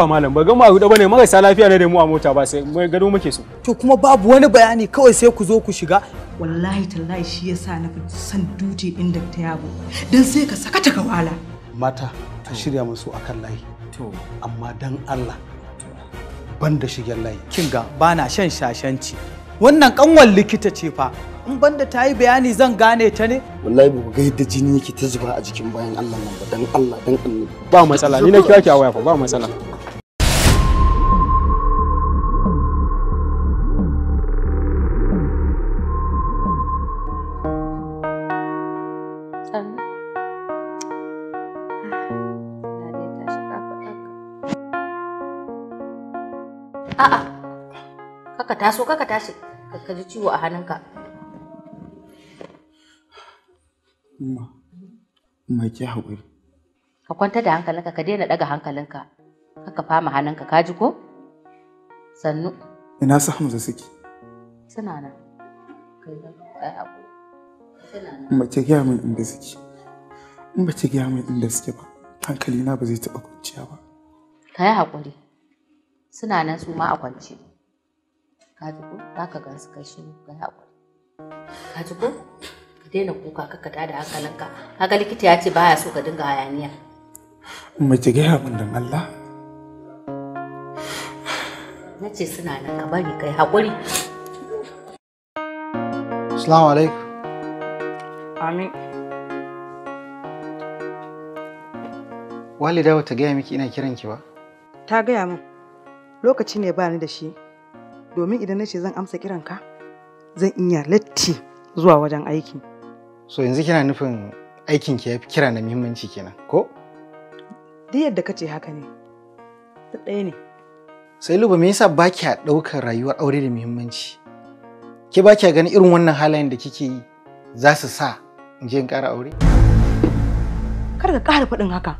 haba malam ba gama hudu bane marasa lafiya ne da mu a mota ba sai mai gado muke so to kuma babu wani bayani kawai sai ku zo ku shiga wallahi tallahi shi yasa na fi san duty din da ta yabo dan sai ka saka ta wala mata ta shirya musu akan layi to amma dan Allah ban da shigen layi kinga bana shan shashanci wannan kanwal likita ce fa in banda ta yi bayani zan gane ta ne wallahi ba ga yadda jini yake ta zuba a jikin bayan Allah nan ba dan Allah dan Allah ba matsala ni na kira ki a waya fa ba matsala taso ka tashi ka ji ciwo a hannunka ma ma ki haƙuri ka kwanta da hankalinka ka daina daga hankalinka Ka fama hannunka ka ji ko sannu ina su hamza suke suna nan in ki gaya min inda suke in ba ki gaya min inda suke ba hankali na ba zai taɓa kwanciya ba ka yi haƙuri suna nan su ma a kwance Kaji ko za ka gansu kai shi ga haƙuri Kaji ko ka daina kuka ka ka tada hankalinka haka likita ya ce baya so ka dinga hayaniya mace gaya min dan Allah na ce suna nan ka bari kai haƙuri Assalamu alaikum Amin Walida ta gaya miki ina kiran ki ba? Ta gaya min lokaci ne ba ni da shi domin idan na ce zan amsa kiran ka, zan iya latti zuwa wajen aiki so yanzu kina nufin aikin ki yafi kira na muhimmanci kenan ko duk yadda kace haka ne duk ɗaya ne sai luba me yasa ba kya ɗaukar rayuwar aure da muhimmanci ke ba kya ganin irin wannan halayen da kike yi za su sa in je in ƙara aure kar ka ƙara faɗin haka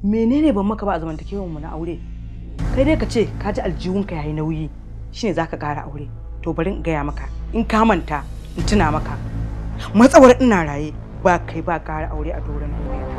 menene ban maka ba a zamantakewar mu na aure kai dai ka ce ka ji aljihunka yayi nauyi shine ka ƙara aure to bari in gaya maka in ka manta in tuna maka matsawar ina raye ba kai ba ƙara aure a doron duniya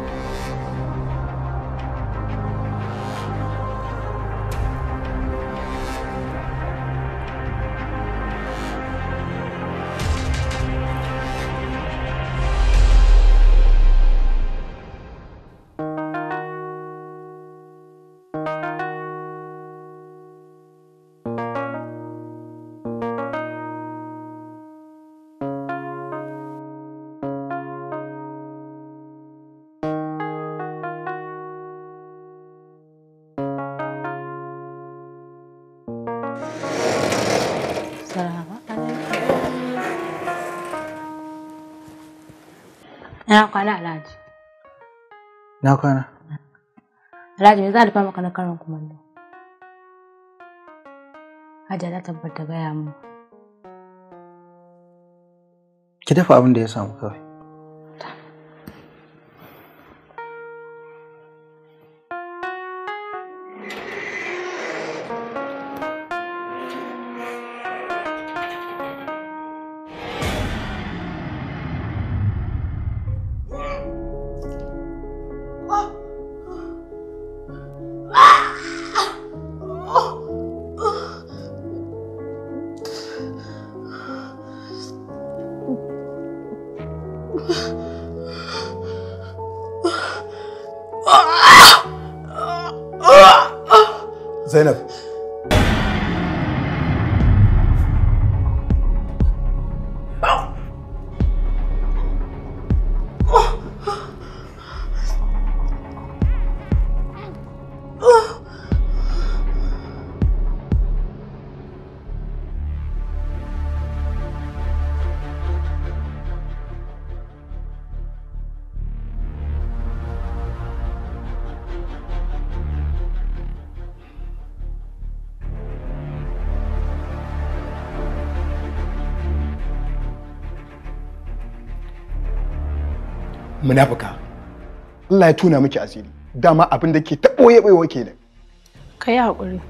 kwana Alhaji. Na kwana. Alhaji me za a rufa maka na karin kumallo? Hajiya na tabbata gaya mu. Ki dafa abin da ya samu kawai. Zainab, munafuka Allah ya tuna miki asiri dama abin da ke ta ɓoye ɓoyewa kenan ka yi haƙuri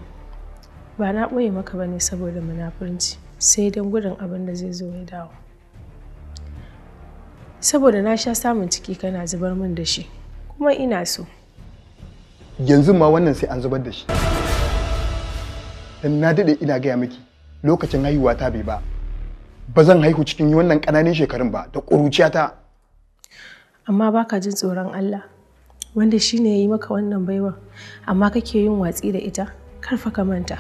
ba na ɓoye maka ba ne saboda munafurci sai don gudun abin da zai zo ya dawo saboda na sha samun ciki kana zubar min da shi kuma ina so yanzu ma wannan sai an zubar da shi dan na daɗe ina gaya miki lokacin haihuwa ta bai ba ba zan haihu cikin wannan ƙananan shekarun ba da ta. amma ba ka jin tsoron Allah wanda shi ne ya yi maka wannan baiwan amma kake yin watsi da ita karfa ka manta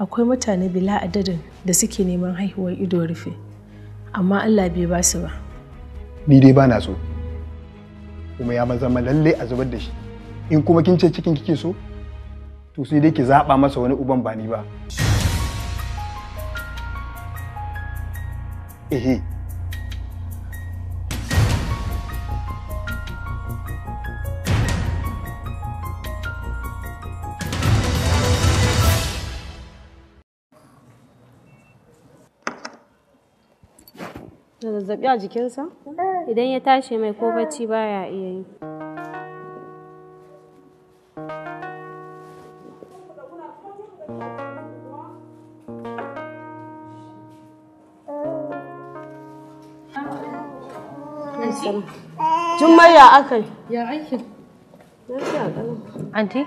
akwai mutane bila adadin da suke neman haihuwar ido rufe amma Allah bai ba su ba ni dai ba na so kuma ya ma lalle a zubar da shi in kuma kin ce cikin kike so to sai dai ki zaba masa wani uban ba ni ba ehe zazzabi a jikinsa? Eh. Idan ya tashi mai ko bacci baya iya yi. Jummai ya aka Ya aiki. Anti,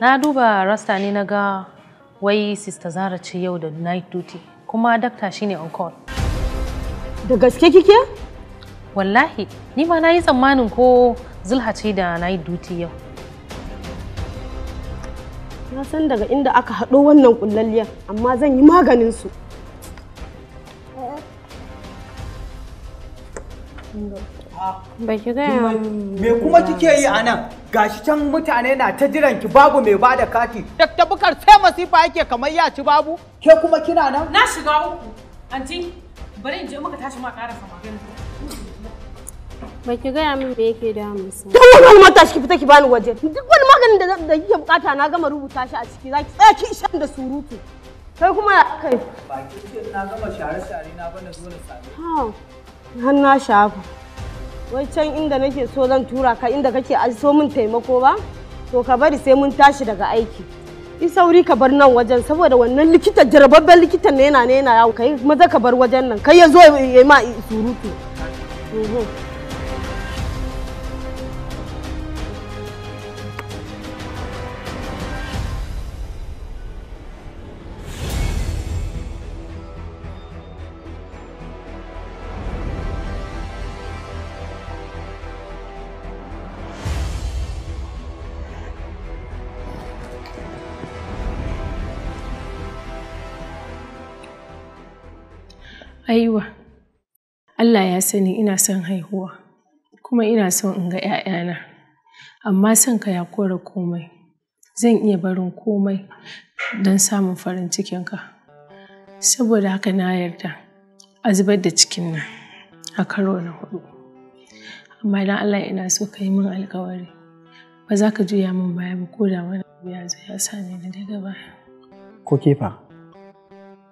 na duba rasta ne na ga wai Sista Zara ce yau da night duty kuma dakta shine on call. Da gaske kike? Wallahi, ni ma na yi tsammanin ko zulha ce da na yi duti yau. Na san daga inda aka haɗo wannan kullalliyar, amma zan yi maganin su. Ba ki gaya Me kuma kike yi a nan? Gashi can mutane na ta jiran ki babu mai bada kati. Dakta bukar sai masifa yake kamar ya ci babu. Ke kuma kina nan? Na shiga uku. Anti, bari in je muka tashi ma ƙara magana ba ki gaya min me yake sai. don wani mata ki fita ki bani waje duk wani maganin da da kike bukata na gama rubuta shi a ciki za ki tsaya ki shan da surutu kai kuma ya kai ba ki ce na gama share share na bana zo na same har na shafa wai can inda nake so zan tura ka inda kake so min taimako ba to ka bari sai mun tashi daga aiki yi sauri ka bar nan wajen saboda wannan likitan jarababben likitan ne yana ne yana yawo kai maza ka bar wajen nan kai ya zo ya ma surutu Aiwa, Allah ya sani ina son haihuwa, kuma ina son in ga ‘ya'yana, amma son ka ya kora komai. Zan iya barin komai don samun farin cikinka. Saboda haka na yarda a zubar da cikin nan a karo na hudu Amma don Allah ina so ka yi min alkawari, ba za ka juya min baya ba ko da wani abu ya ya sani ni daga baya. Ko kefa,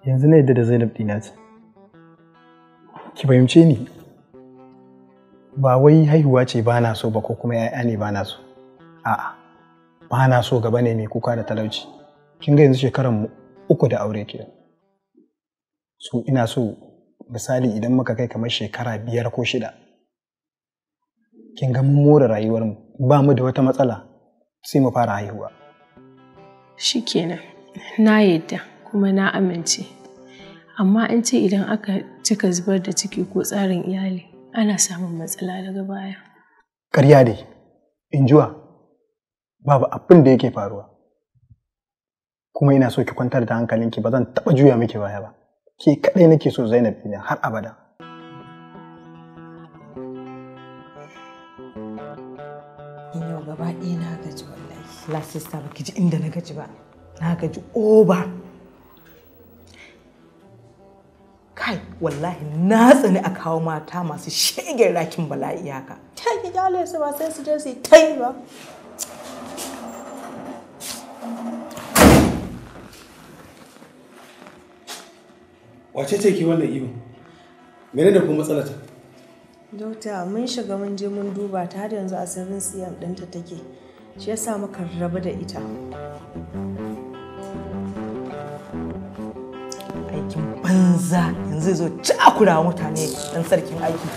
yanzu na yadda da Zainab ɗina ce. ki fahimce ni ba wai haihuwa ce ba na so ba ko kuma ya'ya ne ba na so a'a ba na so gaba ne mai kuka da talauci kin ga yanzu shekaran uku da aure ke so ina so misali idan muka kai kamar shekara biyar ko shida kin ga mun more rayuwar mu ba mu da wata matsala sai mu fara haihuwa shikenan na yadda kuma na amince amma an ce idan aka cika zubar da ciki ko tsarin iyali ana samun matsala daga baya ne, in injuwa babu abin da yake faruwa kuma ina so ki kwantar da hankalinki ba zan taɓa juya miki baya ba ke kaɗai nake so zainab ina har abada gaba ɗaya gaji wallahi. La sista ba ki ji inda na gaji ba. Na gaji oba. kai wallahi na tsani a kawo mata masu shegen rakin bala'i haka ta yi kyale su ba sai su je su ta yi ba wace ce ki wannan ihu mene da kuma ta dokta mun shiga mun je mun duba ta har yanzu a 7 cm ɗinta take shi ya sa muka raba da ita banza yanzu zo cakura mutane dan sarkin aiki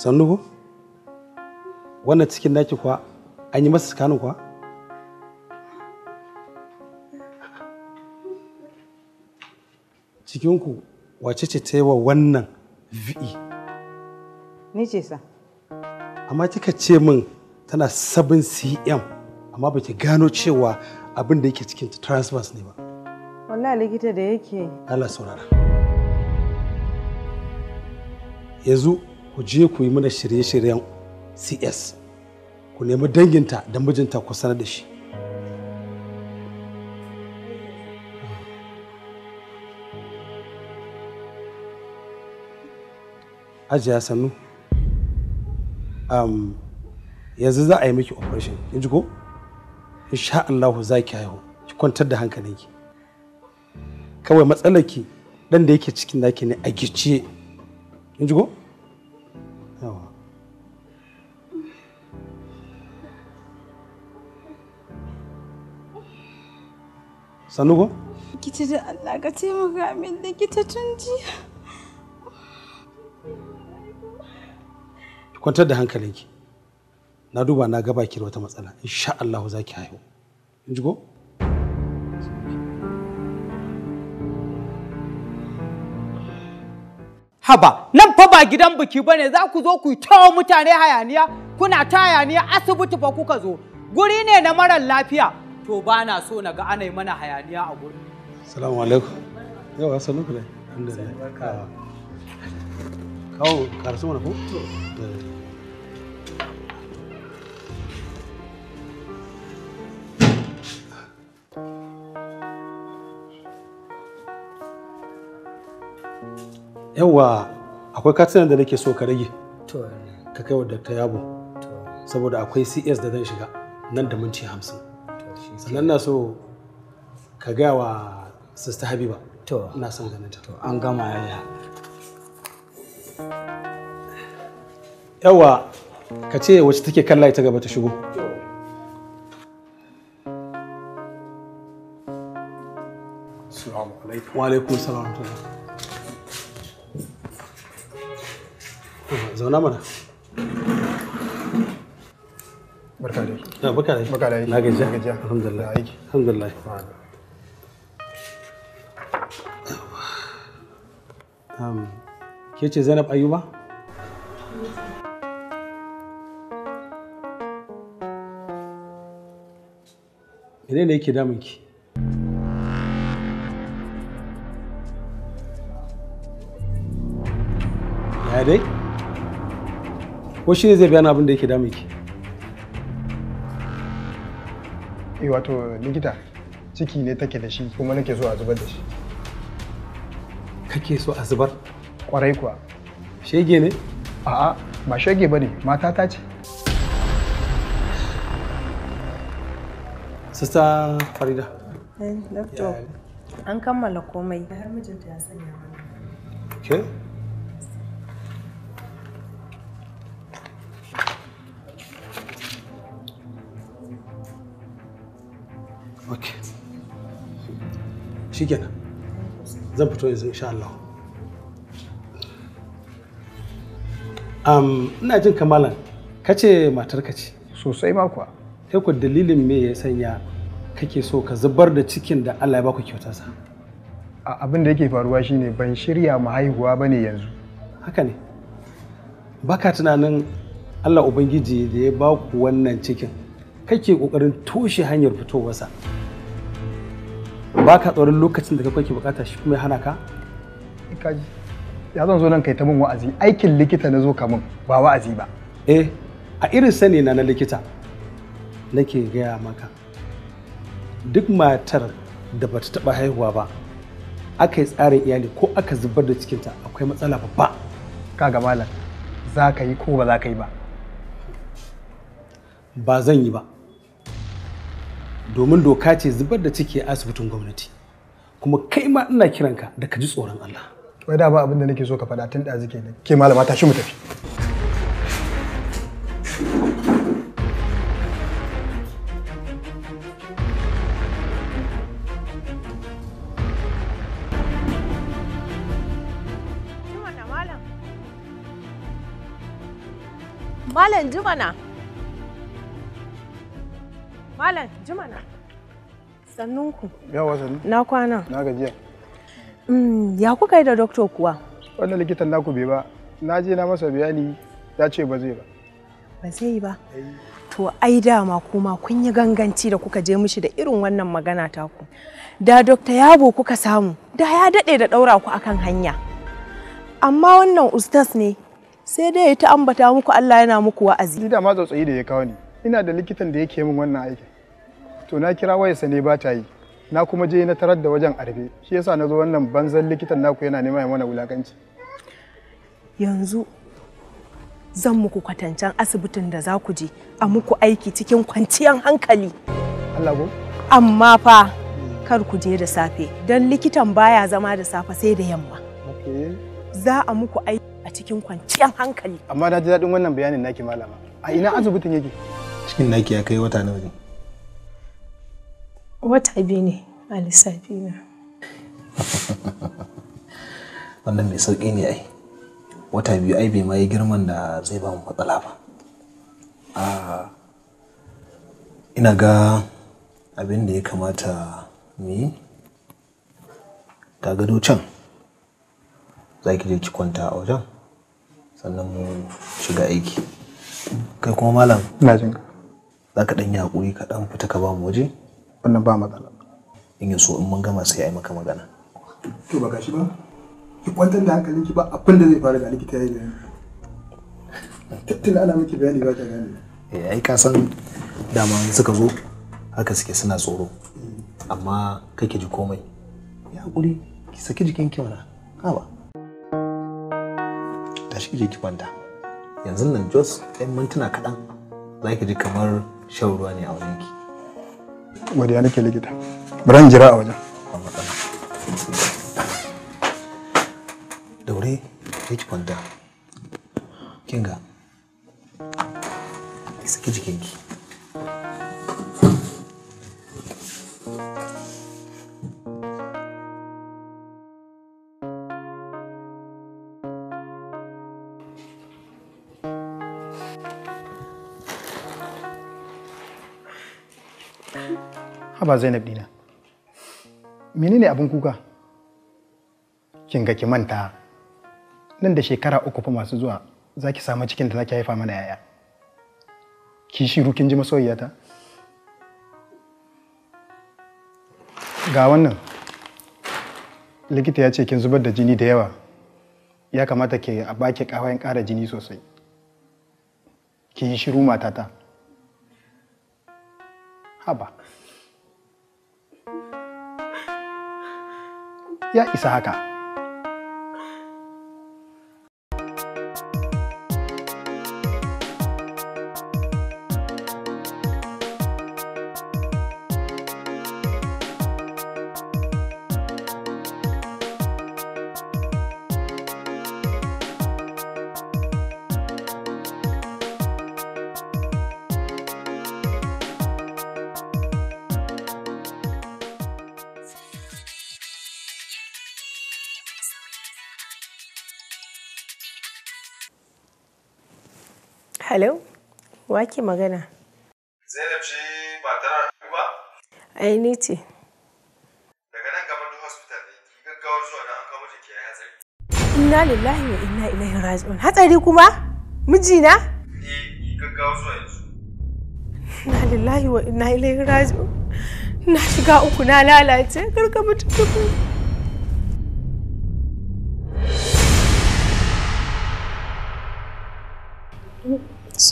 sannu wannan cikin naki kwa an yi masa kwa? cikinku wace ce ta yi wa wannan vi'i e? ni ce sa amma kika ce min tana 7 cm amma baki gano cewa abin da yake cikin transverse ne ba wallahi likita da yake Allah saurara yanzu ku je ku yi mana shirye-shiryen cs ku nemi danginta da mijinta ku sanar da shi Ajiya sannu. Um, yanzu za a yi miki operation in ji ko insha Allah za ki haihu ki kwantar da hankalinki kawai matsalarki ki dan da yake cikin naki ne a gicciye in ji ko sanu ko ki da Allah ka taimaka min da tun jiya kwantar da hankalinki na duba na gaba ki da wata matsala insha Allah za ki haihu in ji go haba nan fa ba gidan biki bane za ku zo ku yi tawo mutane hayaniya kuna ta hayaniya asibiti fa kuka zo guri ne na marar lafiya to ba na so na ga ana yi mana hayaniya a gurin assalamu alaikum yawa sanu ku alhamdulillah kawo karasu mana ko yawa akwai katsina da nake so ka rage ka kai wa dakta yabo saboda akwai cs da zan shiga nan da minti hamsin sannan na so ka gaya wa sista habiba ina son ganin ta an gama yaya yawa ka ce wacce take kalla ita gaba ta shigo Assalamu alaikum. Wa alaikum assalam. zauna mana barka dai barka dai na gajiya alhamdulillah aiki alhamdulillah um ke ce Zainab Ayuba ne yake Ya dai? ko shi ne zai bayana abin da yake damun ki eh wato likita ciki ne take da shi kuma nake so a zubar da shi kake so a zubar kwarai kuwa shege ne a'a ba shege bane mata ta ce sista farida eh, an kammala komai har mijinta ya sanya mana okay um, ina jin kamalan kace matarka ce sosai ma kuwa kai ku dalilin me ya sanya kake so ka zubar da cikin da Allah ya baku kyauta sa abin da yake faruwa shine ban shirya mu haihuwa bane yanzu haka ne baka tunanin Allah ubangiji da ya baku wannan cikin kake ƙoƙarin toshe hanyar fitowarsa ba ka tsoron lokacin da ke bukata shi kuma ya hana ka kaji ya zan zo nan kai ta min wa'azi aikin likita na zo ka min ba wa'azi ba eh a irin sani na na likita nake gaya maka duk matar da bata taba haihuwa ba aka yi tsarin iyali ko aka zubar da cikinta akwai matsala babba kaga malam za ka yi ko ba za ka yi ba ba zan yi ba domin doka ce zubar da ciki a asibitin gwamnati kuma kai ma ina kiranka da ka ji tsoron Allah wai da ba abin da nake so ka faɗa tun ɗazu kenan ke malama tashi mu tafi Malam Jumana. Malam, jimana. Sannunku. Yawa sannu. Na kwana. Na gajiya. Mm, ya kuka yi da doktor kuwa? Wannan likitan naku bai ba. Na je na masa bayani ya ce ba zai ba. Ba zai ba. Eh. To ai dama kuma kun yi ganganci da kuka je mishi da irin wannan magana taku. Da dokta yabo kuka samu, da ya daɗe da ɗaura ku akan hanya. Amma wannan ustas ne, sai dai ya ta ambata muku Allah yana muku wa'azi. Ni da ma tsautsayi da ya kawo ni. Ina da likitan da yake min wannan aikin. to na kira wayarsa ne ba ta yi na kuma je na tarar da wajen arbe shi yasa na zo wannan banzan likitan naku yana nema mana wulakanci yanzu zan muku kwatancan asibitin da za ku je a muku aiki cikin kwanciyar hankali Allah go amma fa kar ku je da safe don likitan baya zama da safe sai da yamma za a muku aiki a cikin kwanciyar hankali amma na ji daɗin wannan bayanin naki malama a ina asibitin yake cikin naki ya kai wata nawa ne wata biyu ne a lissafi na wannan mai sauki ne ai wata biyu ai bai ma yi girman da zai ba mu matsala ba ina ga abin da ya kamata mu yi ta gado can za ki je ki kwanta a wajen sannan mu shiga aiki kai kuma malam za ka ɗan yi haƙuri ka ɗan fita ka ba mu waje wannan ba matsala in yi so in mun gama sai a yi maka magana to ba gashi ba ki kwantar da ki ba abin da zai faru da likita ya yi tattala tun ana miki bayani ba ta gane eh ai ka san dama suka zo haka suke suna tsoro amma kake ji komai ya hakuri ki saki jikinki mana ba tashi ki je ki kwanta yanzu nan jos ɗan mintuna kaɗan za ki ji kamar shan ruwa ne a wurinki godiya nake likita baran jira a wajen daure ta kwanta kinga ki saki jikinki haba zainab dina menene abin kuka kin ga ki manta nan da shekara uku fa masu zuwa za ki samu cikin da za ki haifa mana yaya ki shiru kin ji masoyiyata ga wannan likita ya ce kin zubar da jini da yawa ya kamata ke a baki kawayen ƙara jini sosai ki yi shiru matata haba ya isa haka Hello, ke magana? Zainab ce ba tara ba? Ai ni ce. Daga nan gaban duk hospital ne, ki gaggawa zuwa nan an kawo miki yayi hatsari. Inna lillahi wa inna ilaihi raji'un. Hatsari kuma? Mijina? Eh, ki gaggawa zuwa yanzu. Inna lillahi wa inna ilaihi raji'un. Na shiga uku na lalace, karka mutu tukun.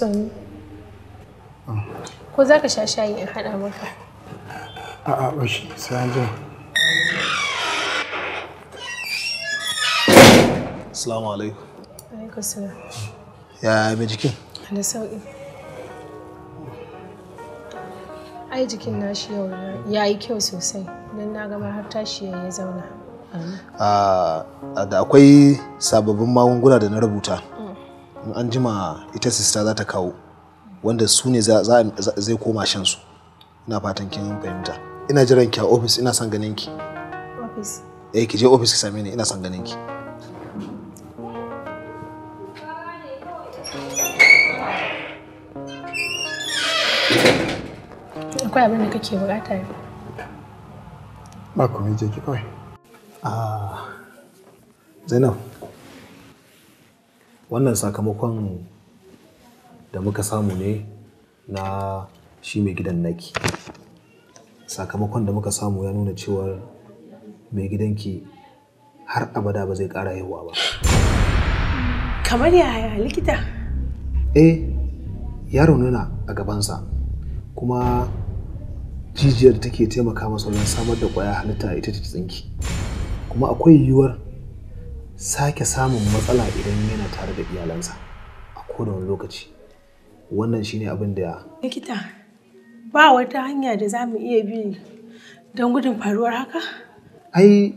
son ah. ko za ka sha shayi in haɗa maka a'a sai an alaikum. Alaikum salam. mai jikin? Da sauƙi. Ai jikin nashi yau ya yi kyau sosai don na gama har tashi ya zauna. Ah, da akwai sababbin magunguna da na rubuta. in an jima ita sista za ta kawo wanda su ne zai koma shan su ina fatan kin fahimta ina jiran ki a ofis ina son ganin ki eh ki je ofis ki same ni ina son ganin ki akwai abin da kake bukata yau ba komai je ki kawai ah zainab wannan sakamakon da muka samu ne na shi mai gidan naki sakamakon da muka samu ya nuna cewar mai gidanki har abada ba zai kara haihuwa ba kamar yaya likita eh yaro nuna a gabansa kuma jijiyar take taimaka masa wajen samar da ƙwaya halitta ita ta tsinki kuma akwai yiwuwar sake samun matsala idan yana tare da iyalansa a kodawar lokaci wannan shine abin da likita ba wata hanya da za mu iya bi don gudun faruwar haka ai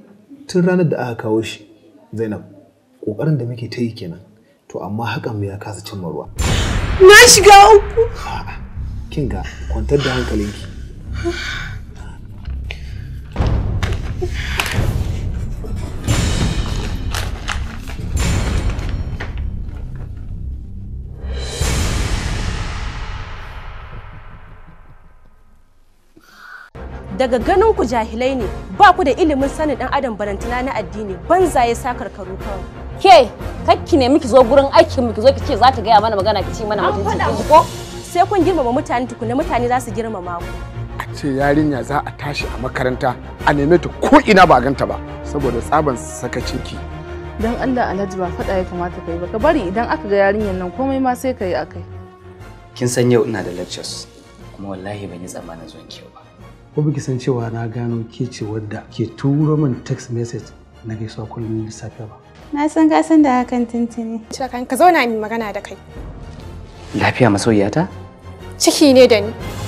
tun ranar da aka kawo shi zainab ƙoƙarin da muke ta yi kenan to amma hakan ya kasa cimma ruwa na shiga uku kin ga kwantar da hankalinki daga ganin ku jahilai ne ba ku da ilimin sanin dan adam barantana na addini banza sakar karu karkaru ke kakki ne miki zo gurin aiki miki zo kike za ta gaya mana magana ki ce mana mutunci ko sai kun girmama mutane tukuna mutane za su girmama ku a ce yarinya za a tashi a makaranta a neme ta ko ina ba ganta ba saboda tsaban sakacin ki dan Allah Alhaji ba faɗa ya kamata kai ba ka bari idan aka ga yarinyan nan komai ma sai kai akai kin san yau ina da lectures kuma wallahi ban yi tsammanin zuwan ki ba ko biki san cewa na gano ke ce wadda ke turo min text message na gaisuwa kullum da ba na san ka san da hakan tuntuni ka zauna ni magana da kai lafiya masoyiyata ciki ne da ni